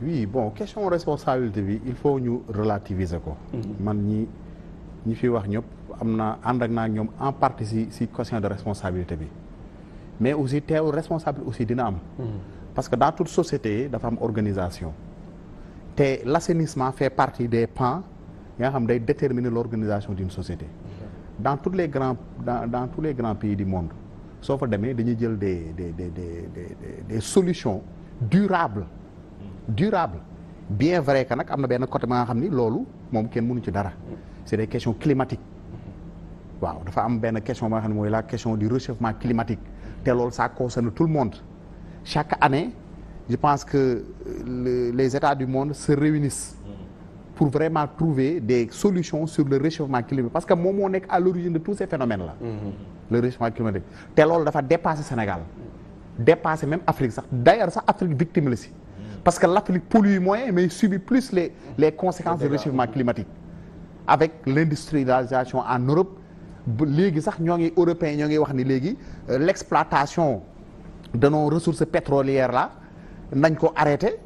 oui bon question responsabilité bi il faut ñu relativiser ko. Mhm. man ñi ñi fi wax ñëpp am na ànd ak naa ñoom en partie si si question de responsabilité bi mais aussi teew responsable aussi dina am. Mhm. parce que dans toute société dafa am organisation. te l' assainissement fait partie des pans nga xam day déterminer l' organisation d' une société. dans tous les grands dans dans tous les grands pays du monde soo fa demee dañuy jël des des des des des solutions durables. durable bien vrai que nag am na benn côté ma nga xam ni loolu moom kenn mënu ci dara c'est des questions climatiques waaw dafa am benn question ba nga xam ne mooy la question du réchauffement climatique te loolu ça concerne tout le monde chaque année je pense que euh, les États du monde se réunissent pour vraiment trouver des solutions sur le réchauffement climatique parce que moom moo nekk à l'origine de tous ces phénomènes là mm-hmm. le réchauffement climatique te loolu dafa dépasser Sénégal dépasser même Afrique sax sax Afrique victime la parce que l'Afrique pollue moins, mais subit plus le les conséquences du réchauffement climatique. Avec l'industrialisation en Europe, léegi sax ñoo ngi européens ñoo ngi wax ni léegi euh, l'exploitation de nos ressources pétrolières la nañ ko arrêté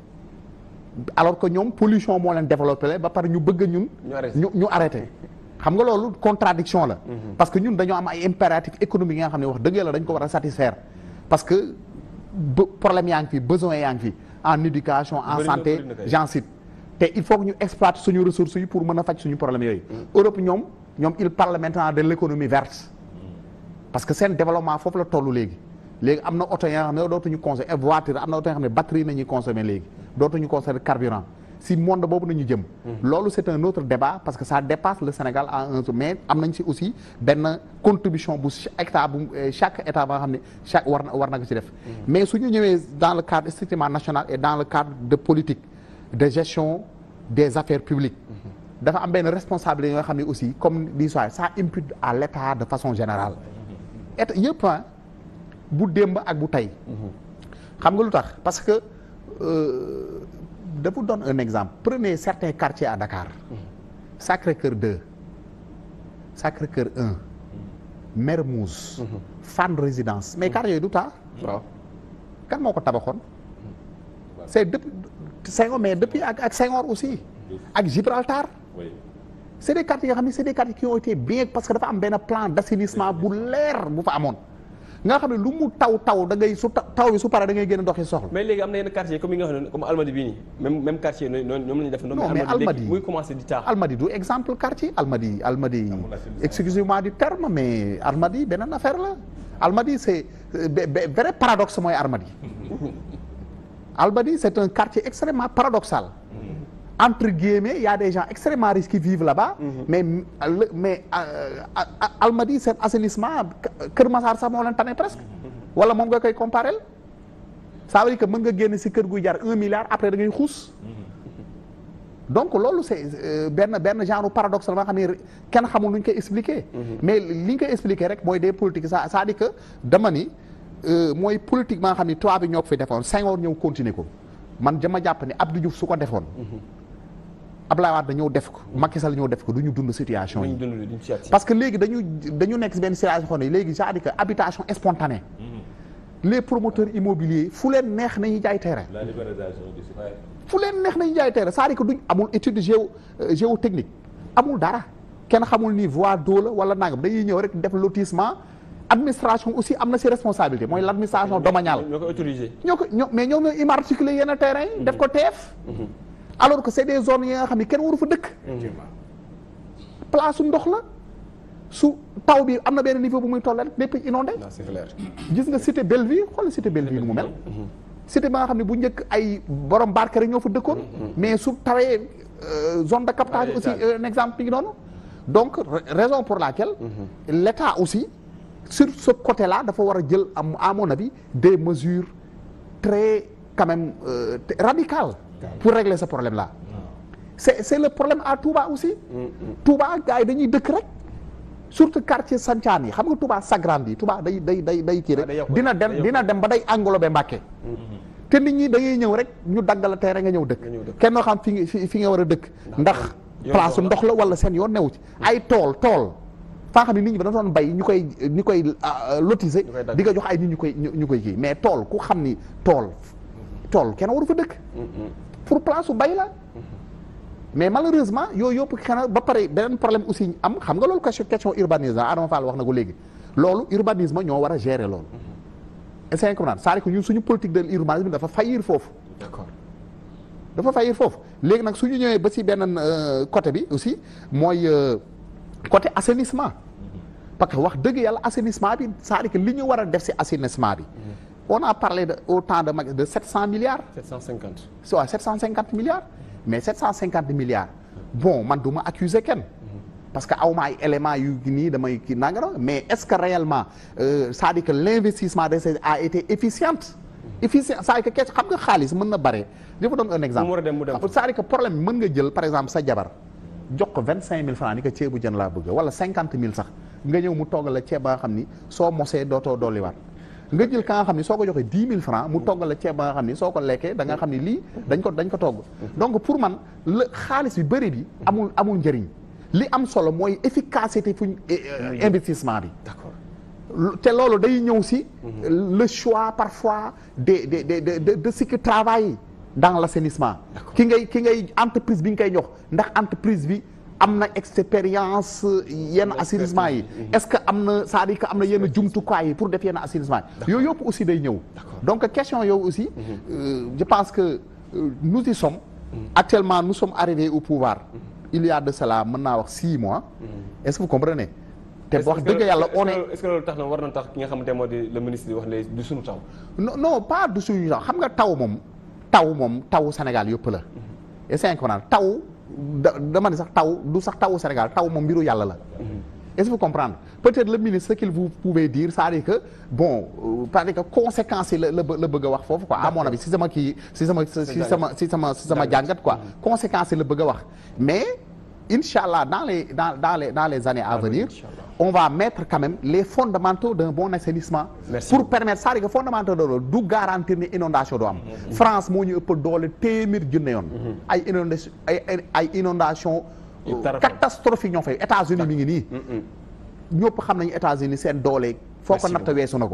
alors que ñoom pollution moo leen développé ba par ñu bëgg ñun ñu ñu arrêté xam nga loolu contradiction la mhm. parce que ñun dañoo am ay impératifs économiques yi nga xam ne wax dëgg la dañ ko war a satisfaire parce que problème yaa ngi fi besoin yaa ngi fi en éducation en santé j'en cite te il faut que ñu exploite suñu ressources yi pour mën a faj suñu problème yooyu mm. Europe ñoom ñoom il parle maintenant de l'économie verte mm. parce que seen développement foofu la tollu léegi léegi am na oto yoo xam ne dootuñu consommer voiture am na oto yoo xam ne batterie nañuy consommer léegi dootuñu consommer carburant si monde boobu nañu jëm loolu c'est un autre débat parce que ça dépasse le Sénégal à un mais am nañ si aussi benn contribution bu état bu euh, chaque état ba nga xam ne chaque war na war na ko si def mais suñu ñëwee dans le cadre strictement national et dans le cadre de politique de gestion des affaires publiques dafa am benn responsable yi nga xam ne aussi comme li soir ça impute à l'état de façon générale et yëpp bu démb ak bu tey xam nga lu parce que euh, je vous donne un exemple prenez certains quartiers à Dakar Sacré-Cœur 2 sacré un 1 Mermoz Fann Résidence mais mm. quartier yooyu du taa kan moo ko tabaxoon c'est depuis Senghor mais depuis ak ak Senghor aussi ak Gibraltar c'est des quartiers yoo xam ne c'est des bien parce que dafa am benn plan d'assainissement bu leer bu fa amoon nga xam ne lu mu taw taw da ngay su taw bi su paree da ngay génn doxi soxla mais léegi am na yenn quartier comme yi nga xam ne comme Almadi bii nii même même quartier noonu ñoom la ñu def non mais Almadi muy commencé di taax Almadi du exemple quartier Almadi Almadi ah, excusez du terme mais Almadi beneen affaire la Almadi euh, c'est un quartier extrêmement paradoxal entre guillemets y a des gens extrêmement riches qui vivent là mhm. mais mais euh, euh, Almadies seen assainissement Kër Massar sax moo leen tane presque. Mhm. wala moom nga koy comparel ça veut dire que mën nga génn si kër guy jar un milliard après da ngay xuus. Mhm. donc loolu c' est euh, benn benn genre paradoxe la nga xam ne kenn xamul lu ko koy expliquer. mais li ñu koy expliquer rek mooy des politiques ça c' est à dire dama ni mooy politique ma xam ni tubaab bi ñoo fi defoon Senghor ñëw continuer ko man jama jàpp ni Abdou Diouf su ko defoon. Abdoulaye Wade ñëw def ko Macky Sall ñëw def ko du ñu dund situation yi parce que léegi dañu nekk si benn situation léegi cest habitation spontanée mhm. les promoteurs immobiliers fu leen neex nañu jaay terrain fu leen neex nañu jaay terrain cest duñ amul étude géo euh, géotechnique amul dara kenn xamul ni voie d'eau la wala nangam dañuy ñëw rek def lotissement administration aussi am na ses responsabilités mooy l' administration domaniale ñoo ñoo ko ñoo mais ñoo alors que c'est des zone yi nga xam ne kenn waru fa dëkk place su ndox la su taw bi am na benn niveau bu muy toll rek lépp inondé gis nga cité Bellevue xool cité Bellevue nu mu mel mm-hmm. cité ba nga xam ne bu njëkk ay borom barke rek ñoo fa dëkkoon mm-hmm. mais su tawee euh, zone de captage aussi un exemple mi ngi noonu donc raison pour la laquelle mm-hmm. l'État aussi sur ce côté là dafa war a jël am à mon bi des mesures très quand même euh, pour régler ce problème là c'est c'est le problème à Touba aussi Touba gars yi dañuy dëkk rek surtout quartier Sancaan yi xam nga Touba s'agrandit Touba day day day day kii rek ah, dina dem dina dem ba day englobé Mbàkke te nit ñi da ngay ñëw rek ñu daggal la terrain nga ñëw dëkk kenn noo xam fi fi nga war a dëkk ndax place ndox la wala seen yoon newu ci mm. ay tool tool faa xam ni nit ñi ba doon bay ñu koy ñu koy ah, ah, lotiser di nga jox ay nit ñu koy ñu koy kii mais tool ku xam ni tool tool kenn waru fa dëkk mm, mm. pour place su bay la mais malheureusement yooyu yëpp xanaa ba pare beneen problème aussi am xam nga loolu question urbanisme Adama Fall wax na ko léegi loolu urbanisme ñoo war a gérer loolu. est-ce que comprendre c'est-à-dire que ñun suñu politique de l'urbanisme dafa faillir foofu. d'accord dafa faillir foofu léegi nag suñu ñëwee ba si beneen euh, côté bi aussi mooy euh, côté assainissement parce que wax dëgg yàlla assainissement bi cest li ñu war a def ci assainissement bi. on a parlé de au temps de Macky de 700 milliards. 750. c'est waaw 750 milliards. mais 750 milliards. bon man du accuser kenn. parce que aw ma ay éléments yu nii damay kii nangara mais est-ce que réellement euh, a été efficient. efficient c'est-à-dire que kees xam nga xaalis mën na bare. di fa doon un exemple dem mu dem cest à problème bi mën nga jël par exemple sa jabar jox ko vingt cinq mille francs ko ceebu jën laa bëgg wala cinquante mille sax nga ñëw mu toggal la ceeb ba xam ni soo mosee dootoo dolliwaat. nga jël ka nga xam ni soo ko joxee dix mille francs mu toggal la ceeb ba nga xam ni soo ko lekkee da nga xam ni lii dañ ko dañ ko togg donc pour man la xaalis bi bëri bi amul amul njëriñ li am solo mooy efficacité fu eh, eh, investissement bi te loolu day ñëw si le choix parfois des de des de de ce qui travaille dans l'assainissement ki ngay ki ngay entreprise bi nga koy jox ndax entreprise bi am na expérience yenn assainissement yi est-ce que am na cest dikk am na yenn jumtukaay yi pour def yenn assainissement yi yooyu yëpp aussi day ñëw donc question yow aussi mhm. euh, je pense que euh, nous y sommes mhm. actuellement nous sommes arrivés au pouvoir mhm. il y de cela mën naa wax six mois est-ce que vous comprenez te wax dëgg yàlla on est est-ce que loolu tax na war na tax ki nga xamante moo di le ministre di wax léegi du suñu taw no non pas du suñu taw xam nga taw moom taw moom taw Sénégal yëpp la da dama ne sax taw du sax taw Sénégal taw ma mbiru yàlla la. Mhm. est-ce que vous comprenez peut-être la ministre ce qu'il vous pouvez dire cest à que bon euh, c'est-à-dire que conséquences yi la la bëgg wax foofu quoi à mon si sama kii si sama si sama si sama sama jàngat quoi mhm. conséquences la bëgg a wax mais incha allah dans les dans dans les dans les années à venir on va mettre quand même les fondamentaux d'un bon assainissement Merci. pour permettre c'est-à-dire que fondamentaux de loolu du garantir ne inondation doo mm-hmm. France moo ñu ëpp doole téeméer junne yoon mm-hmm. ay inondation ay ñoo fay États-Unis mi ngi nii ñëpp xam nañu États-Unis seen doole foo ko natt weesu na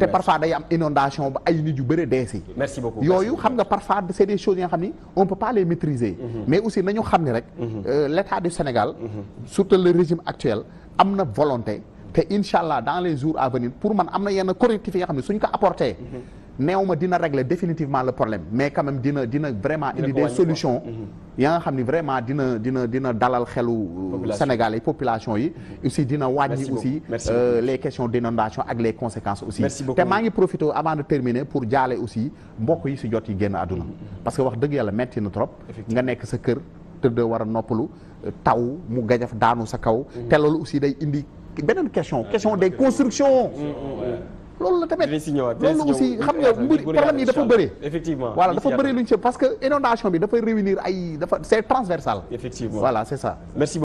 te parfois day inondation ba ay nit yu bëri dee yooyu xam nga parfois c' est des nga xam ni on peut pas les maîtriser mhm. mais aussi nañu xam ni rek mhm. euh, l' du Sénégal mhm. surtout le régime actuel am na volonté te incha dans les jours à venir pour man am na yenn correctifs nga xam ne suñ ko apporté neew ma dina régler définitivement la problème mais quand même dina dina vraiment indi des solutions mhm. yaa nga xam ni vraiment dina dina dina dalal xelu euh, Sénégal yi population yi mhm. aussi dina wàññi aussi euh, les questions d'inondation ak les conséquences aussi te maa ngi profité avant de terminer pour jaale aussi mbokk yi si jot yi génn adduna mhm. parce que wax dëgg yàlla metti na trop nga nekk sa kër tëdd war a noppalu euh, taw mu gajaf daanu sa kaw te loolu aussi day indi beneen question ah, question des constructions mm, mm, loolu la tamit loolu aussi xam nga mbir dafa bëri effectivement voilà dafa bëri luñ ci parce que inondation bi dafay réunir ay dafa c'est transversal effectivement voilà c'est ça